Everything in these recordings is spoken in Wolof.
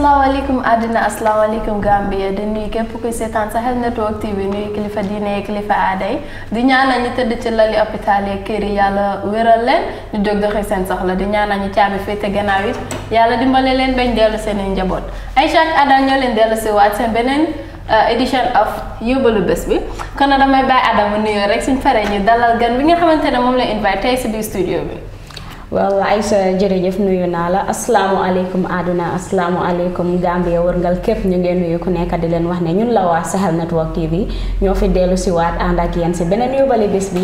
asalaamaaleykum àddina asalaamaaleykum Gambia di nuyu képp kuy seetaan Sahel Network TV nuyu kilifa diine yi kilifa aaday di ñaanal ñu tëdd ci lali hôpital yi kër yi yàlla wéral leen ñu jóg doxi seen soxla di ñaanal ñu caabi te gannaaw it yàlla dimbale leen bañ dellu seen i njaboot ay chaque Adam ñoo leen dellu si waat seen beneen euh, édition of yóbbalu bés bi kon damay bàyyi Adam mu nuyoo rek suñ paree ñu dalal gan bi nga xamante ne moom la invite tey si biir studio waaw Aïssa jërëjëf nuyu naa la asalaamualeykum àdduna asalaamualeykum Gambia wërngal képp ñu ngeen nuyu ku nekk di leen wax ne ñun la waa Sahel Network TV ñoo fi dellu si waat ànd ak yéen si beneen yóbbali bés bi.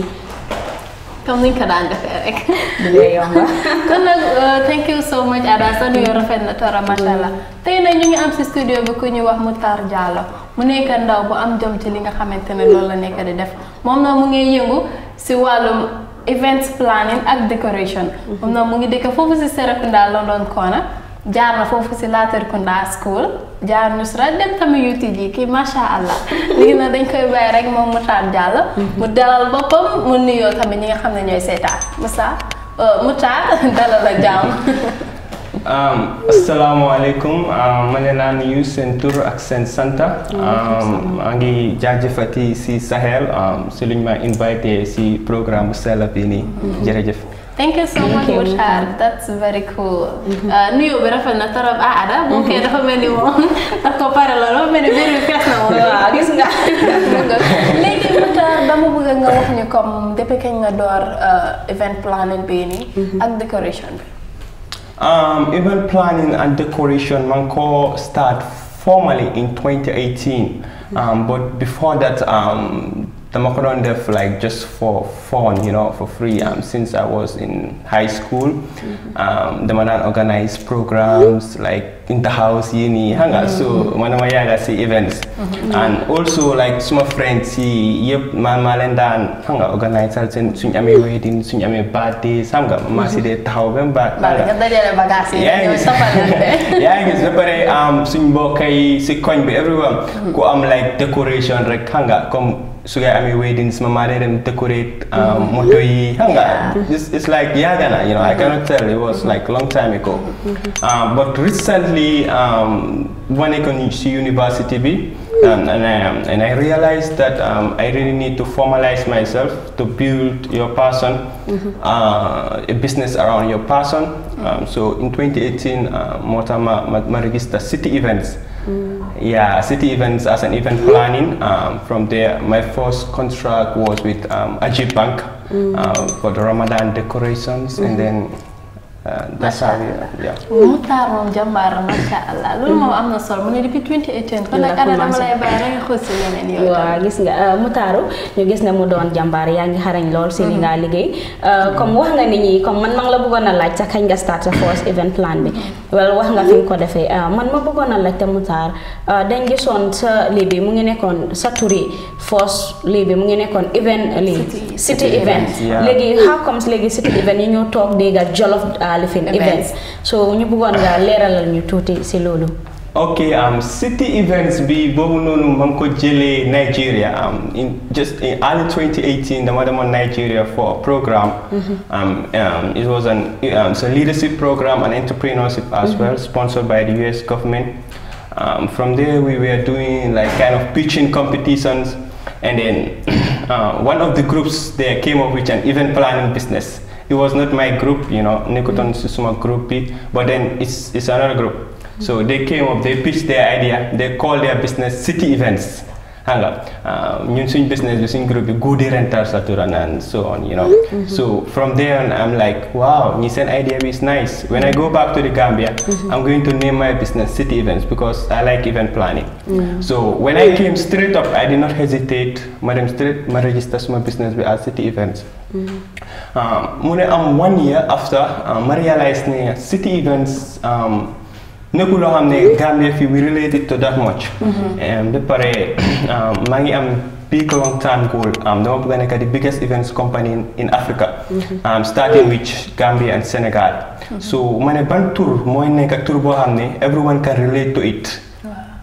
comme niñ ko daan defee rek. kon nag euh, thank you so much Ada sa nuyu rafet na tara macha allah tey ñu ngi am si studio bi ku ñu wax Mutar Diallo mu nekk ndaw bu am jom ci li nga xamante ne loolu la nekk di def moom nag mu ngi yëngu si wàllum. events planning ak decoration. Mhm. moom nag mu ngi dëkk foofu si Serekunda London Corner jaar na foofu si Latrikunda school jaar Nusra dem tamit UTG kii macha allah léegi nag dañ koy bàyyi rek moom mu taat jàll. Mhm. mu dalal boppam mu nuyoo tamit ñi nga xam ne ñooy seetaan Moussa euh, Mouta dalal ak jàmm. Um, assalamualaikum um, ma ne laa nuyu ak seen santa maa ngi si Sahel um, si ma invite si programme Sela bi mm -hmm. Thank you so much, Mushar. That's very cool. Nuyo bi rafet na torop ah ada bu kee dafa mel ni moom da ko pare la loo mel Lagi biir bi fees na moom waaw nga. Mushar dama bëgg nga wax ñu comme depuis kañ nga door event planning bi nii decoration Bini. Um, event planning and decoration, Manco start formally in 2018. Um, but before that, um, Tamakoron Def like just for fun, you know, for free. Um, since I was in high school, mm-hmm. um, the manan organized programs like in the house, yini, hanga. Mm-hmm. So manamaya gasi events, mm-hmm. and also like some friends, he yep man malenda hanga organize certain sunyame wedding, sunyame parties, mm-hmm. hanga masih de tahu bemba. Banyak dari ada bagasi. Yeah, yeah, it's very um sunbo kai si coin be everyone. Mm-hmm. Ko am um, like decoration like hanga come. So ngay amee weddings ma maa dee dem decorate moto yi xam nga it's like yàgg na you know I mm-hmm. cannot tell it was like long time ago mm-hmm. um, but recently um, when I can see university be and, um, and, I, and I realized that um, I really need to formalize myself to build your person, mm -hmm. uh, a business around your person. Um, so in 2018, uh, my Marigista City Events. Yeah, city events as an event planning. Um, from there, my first contract was with um, Ajib Bank mm. uh, for the Ramadan decorations, mm and mm-hmm. then macha allah mu taar moom jàmbaar la macha allah loolu moom am na solo mu ne depuis 2018 kon nag ana dama waaw gis nga euh, mu ñu gis ne mu doon jàmbaar yaa ngi xarañ lool si li mm-hmm. ngaa liggéey euh, comme wax nga nit ñi comme man ma ngi la bëggoon a laaj sax kañ nga start sa first event plan bi mm-hmm. wala wax nga fi ko defee euh, man ma bëggoon a laaj te mu taar dañ gisoon sa lii mu ngi nekkoon sa turi first bi mu ngi nekkoon event lii city event léegi how léegi city event yi ñoo toog dégg jolof Balifin events so ñu bëggoon nga leeralal ñu tuuti si loolu. ok um, city events bi boobu noonu ma ngi ko jëlee Nigeria um, in just in early 2018 dama demoon Nigeria for a program mm -hmm. um, um, it was an um, it's a leadership program and entrepreneurship as mm -hmm. well sponsored by the US government um, from there we were doing like kind of pitching competitions and then uh, one of the groups there came up with an event planning business it was not my group, you know, Nikoton mm. Susuma Group but then it's, it's another group. So mm. they came up, they pitched their idea, they called their business City Events. Hang on, Um, business, business group, good rentals, and so on, you know. Mm -hmm. So from there on, I'm like, wow, Nissan idea is nice. When I go back to the Gambia, mm -hmm. I'm going to name my business City Events because I like event planning. Yeah. So when I came straight up, I did not hesitate. Madam straight, my register my business as City Events. Mm-hmm. Um, I'm one year after, um, I realized City Events. Um, nekkul loo xam ne Gambia fi we related to that much. Mm-hmm. ba pare um, maa big long term goal. Um, the Mabugana are the biggest events company in, in Africa, mm -hmm. um, starting with Gambia and Senegal. Mm -hmm. So, when I band tour, moy nek tour everyone can relate to it.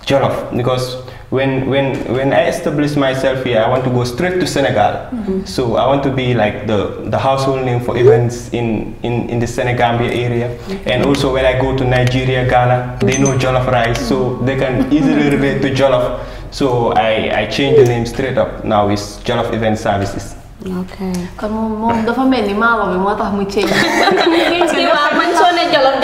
Jollof because when when when I establish myself here, I want to go straight to Senegal. Mm -hmm. So I want to be like the, the household name for events in, in, in the Senegambia area. Mm-hmm. And also when I go to Nigeria, Ghana, they know Jollof rice, so they can easily relate to Jollof. So I I changed the name straight up. Now it's Jollof Event Services. ok kon moom moom dafa mel ni maama bi moo tax mu change. parce que man soo ne Jolof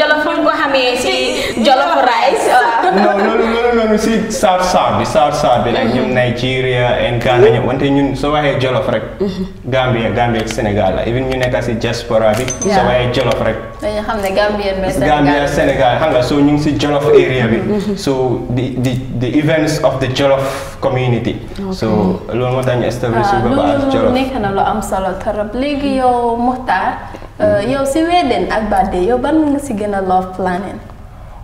si sar sar bi sar sar bi like ñoom mm-hmm. Nigeria and Ghana ñu wante ñun so waxee jollof rek Gambia Gambia Senegal, la even ñu nekk si diaspora bi so waxee jollof rek dañu xamne Gambia mais senegal Gambia Senegal, xam nga so ñu ci si area bi mm-hmm. so the the the events of the Jollof community so loolu mo dañu establish ba ba jollof nekk na lo am solo torop legi yo muhtar euh, mm-hmm. yo si weden ak bade yo ban nga ci gëna love planning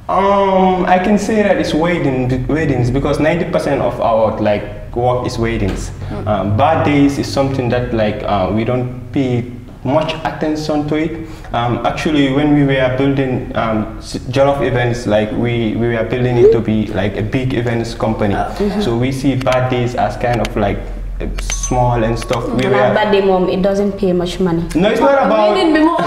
Um, I can say that it's wedding, weddings because 90% of our like work is weddings. Mm. Um, bad days is something that like uh, we don't pay much attention to it. Um, actually, when we were building um, Jollof events, like we, we were building it to be like a big events company. Mm -hmm. So we see bad days as kind of like small and stuff. We were, but mom, it doesn't pay much money. No, it's not about. We be more.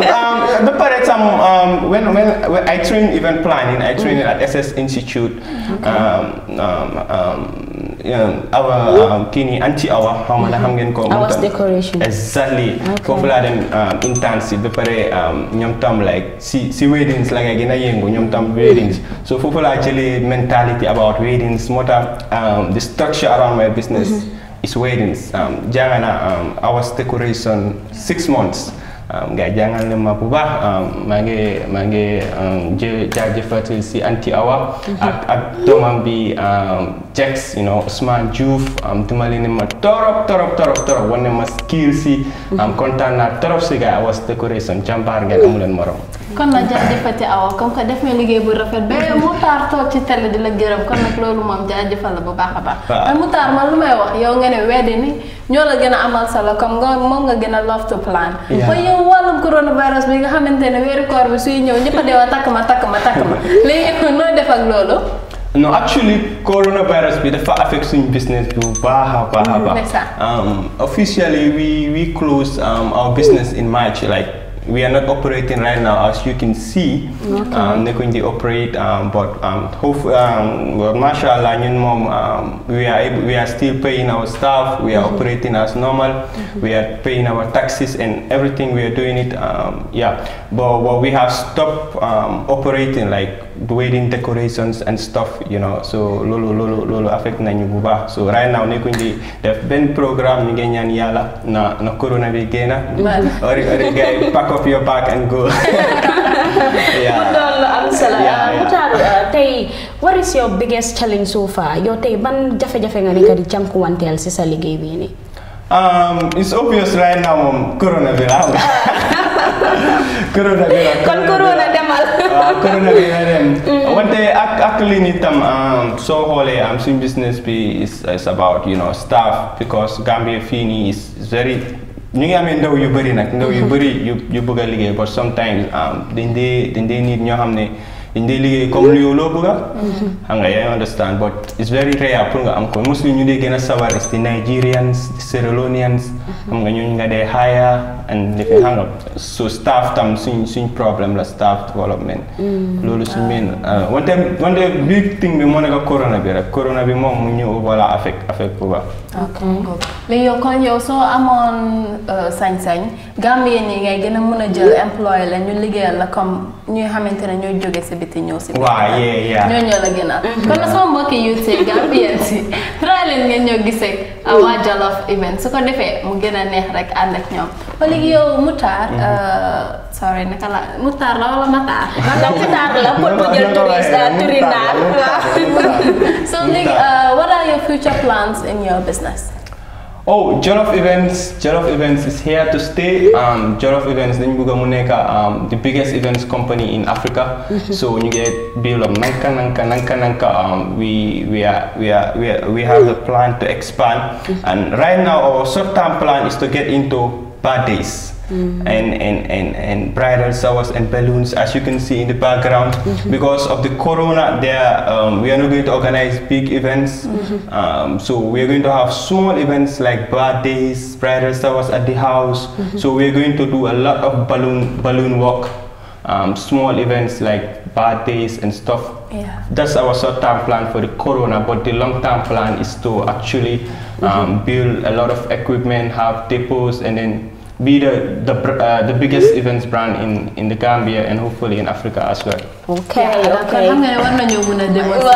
Um, the parents, um, um, when, when, when I train event planning, I train mm -hmm. at SS Institute. Okay. Um, um, um, awa kini anti our xaw ma na xam ko moom decoration exactly foofu laa dem intense ba pare ñoom tam like si si weddings la nga gën a yëngu ñoom tam weddings mm-hmm. so for laa actually mentality about weddings moo tax um, the structure around my business mm-hmm. is weddings jàng naa awas decoration six months um, jangan jangal mabou baax ma jadi ma je si anti awa ak ak doomam bi jex you know smart Juf, um, dimbali ne ma torop torop torop torop wane ma skill si am kontan na torop si gaa was decoration jambar ngeen amu len morom kon la jaajëfati awa comme que def me liggéey bu rafet ba tar to ci di la geureum kon nag loolu moom jaajëfal la bu baakha a baax Moutar man lu wax yow nga ne ñoo la gën a amal la comme nga moom nga gën a love to plan. ba yow wàllum coronavirus bi nga xamante ne weeru koor bi suy ñëw ñëpp a dee wa takk ma takk ma takk ma léegi nooy def ak loolu. no actually coronavirus bi dafa affect suñu business bu baax a baax a mm, baax. Um, officially we we close um, our business in March we are not operating right now, as you can see. Okay. Um, they're going to operate, um, but um, um, um, we are able, we are still paying our staff. We are mm -hmm. operating as normal. Mm -hmm. We are paying our taxes and everything. We are doing it. Um, yeah, but what we have stopped um, operating like wedding decorations and stuff you know so lolo lolo lolo, affect na bu so right now nekkuñ kundi the benn program ni ngi ni yala na na corona bi génna Or ori pack up your bag and go yeah. yeah, yeah. Uh, what is your biggest challenge so far? Yo tay ban jafe-jafe ngani kadi di jànkuwanteel al sisa ligi Um, it's obvious right now um, corona bi corona waaw corona nga dem. ak ak lii tam soo xoolee am suñ business bi is is about you know staff because Gambia fii nii is very. ñu ngi amee ndaw yu bëri nag ndaw yu bëri yu yu bëgg a liggéey but sometimes um, dañ dee dañ dee nit ñoo xam ne dañ dee liggéey comme lu mm. yow loo bëgg a mm-hmm. xam nga yaa understand but it's very rare pour nga am ko mostly ñu dee gën a sawar is the Nigerians the Sierra xam nga ñooñu nga dee hire and defe xam nga so staff tam suñ suñ problème la staff development mm. loolu suñ meen wante wante big thing bi moo nekk corona bi rek corona bi moom mu ñëw voilà affect affect bu baax mais yow kon yow soo amoon uh, sañ-sañ Gambien yi ngay gën a mën a jël employé la ñu liggéeyal la comme ñuy xamante ne ñooy jóge si biti ñëw si waaw yee mm-hmm. uh, ko defee mu gën a neex rek ànd ak ñoom ba léegi yow Moutar mhm. euh, sorry naka la Moutar la wala Matar wala Moutar la pour mu jël touriste turinaar waaw so léegi euh, what are your future plans in your business Oh, John of Events, John of Events is here to stay. Um, of Events, um, the biggest events company in Africa. Mm-hmm. so when So you get build of nanka nanka nanka nanka. Um, we we are we are we are, we have the plan to expand, mm-hmm. and right now our short term plan is to get into parties. days mm. and, and, and, and bridal showers and balloons as you can see in the background mm-hmm. because of the corona there um, we are not going to organize big events mm-hmm. um, so we are going to have small events like birthdays bridal showers at the house mm-hmm. so we are going to do a lot of balloon balloon work um, small events like birthdays and stuff yeah. That's our short-term plan for the corona, but the long-term plan is to actually mm-hmm. um, mm-hmm. build a lot of equipment, have depots, and then be the the, uh, the biggest events brand in in the Gambia and hopefully in Africa as well. Okay, yeah, okay. Xam nga ne war nañoo So a demoon.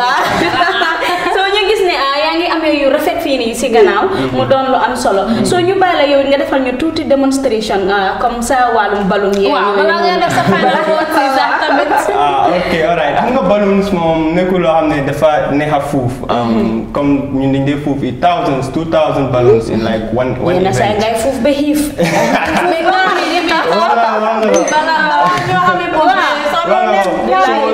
gis ne ah yaa ngi amee yu rafet fii si gannaaw. mu mm-hmm. doon lu am solo. Mm-hmm. So ñu bàyyi la yow nga defal ñu tuuti demonstration ah, comme sa wàllum balum yi. waaw balaa nga def sa final word ok alright xam nga balloons moom nekkul loo xam ne dafa neex a fuuf. comme um, ñun dañ dee fuuf thousands two thousand balloons in like one one event. yenn ngay fuuf fuf xiif.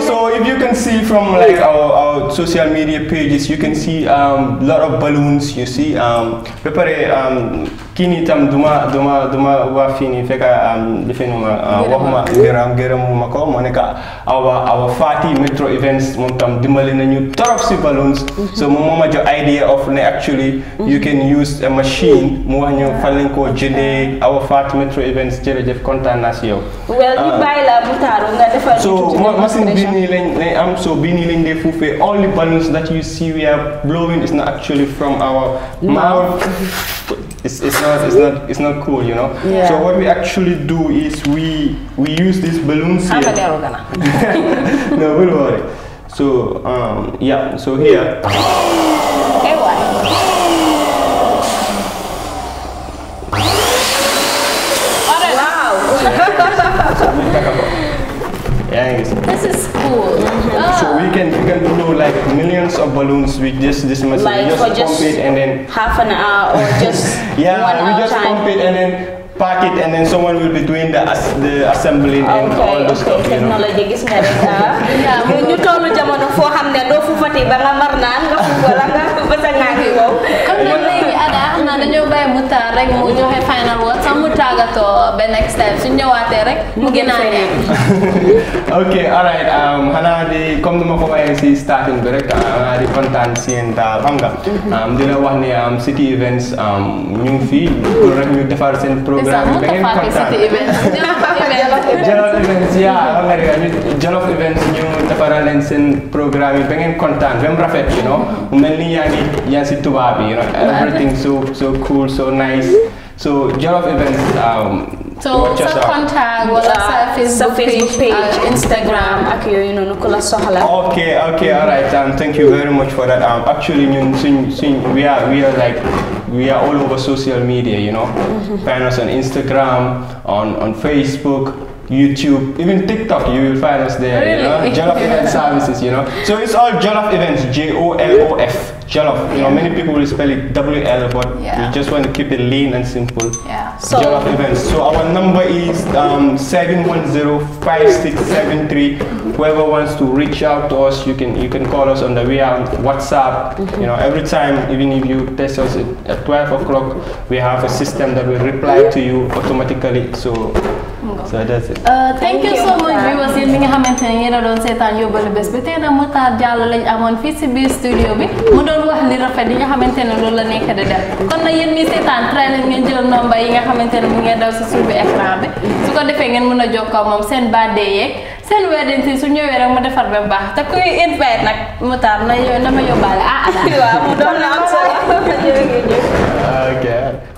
so if you can see from like our, our social media pages you can see a um, lot of balloons you see um, prepare um, kii nii tam duma duma duma wax fii nii fekk definuma waxuma gërëm gërëmuma ko moo nekk awa awa Metro Events moom tam dimbali nañu torop balloons mhm. so moom ma jox idea of ne actually mhm. you can use a machine mu wax ñu fan lañ koo jëndee ah. awa Fati Metro Events jërëjëf kontaan naa yow well ñu ah. bàyyi la mu taaru nga defal so machine bii nii lañ lañ am so nii lañ dee fuufee all the balloons that you see we blowing is not actually from our mouth it's, it's not it's not it's not cool you know yeah. so what we actually do is we we use these balloons here no don't worry so um, yeah so here wow yeah, so we can we can blow like millions of balloons with just this machine. Like we just for just pump it and then half an hour or just yeah, one we hour just time. pump it and then pack it and then someone will be doing the, as, the assembling okay, and all the okay, stuff you know technology gis nga ah. jamono fo xamne do fu fati ba nga nga fu wala nga ba sa dañoo bàyyi ya, mutar, rek mu joxe final word sax mu to ba next step, suñ ñëwaatee rek mu gën alright xanaa um, di comme nu ko si starting bi rek xanaa um, di si yéen daal xam nga um, di wax ne city events ñu ngi pour rek ñu defar seen programme ba ngeen events ya, xam nga rek ñu events ñu defaral leen seen programme yi ba ngeen rafet you know mel ni yaa ngi yaa you know everything so so so cool, so nice. So, Jollof events. Um, so, so contact, wala sa uh, Facebook, Facebook page, uh, page Instagram, ak yooyu noonu ku la Okay, okay, all right. Um, thank you very much for that. Um, actually, ñun suñ we are we are like we are all over social media, you know. Mm-hmm. Find us on Instagram, on on Facebook, YouTube, even TikTok, you will find us there. Really? You know, Jollof Event Services, you know. So it's all Jollof Events, J O L O F jollof. You know, many people will spell it WL, but yeah. we just want to keep it lean and simple. Yeah. So jollof events. So our number is um, 710-5673. Whoever wants to reach out to us, you can you can call us on the way on WhatsApp. Mm -hmm. You know, every time, even if you text us at, at 12 o'clock, we have a system that will reply to you automatically. So so that's it uh, thank you so much viewers yéen mi nga xamante ne doon seetaan yóbbalu bés bi tey lañ studio bi mu doon wax li rafet yi nga xamante loolu la nekk di def kon nag yéen mi seetaan trailer ngeen jël nomba yi nga xamante mu ngeen daw si suufi écran bi su ko defee ngeen mën a jokkoo moom seen birthday wedding su rek mu baax kuy invite na na ma ah ah mu doon la am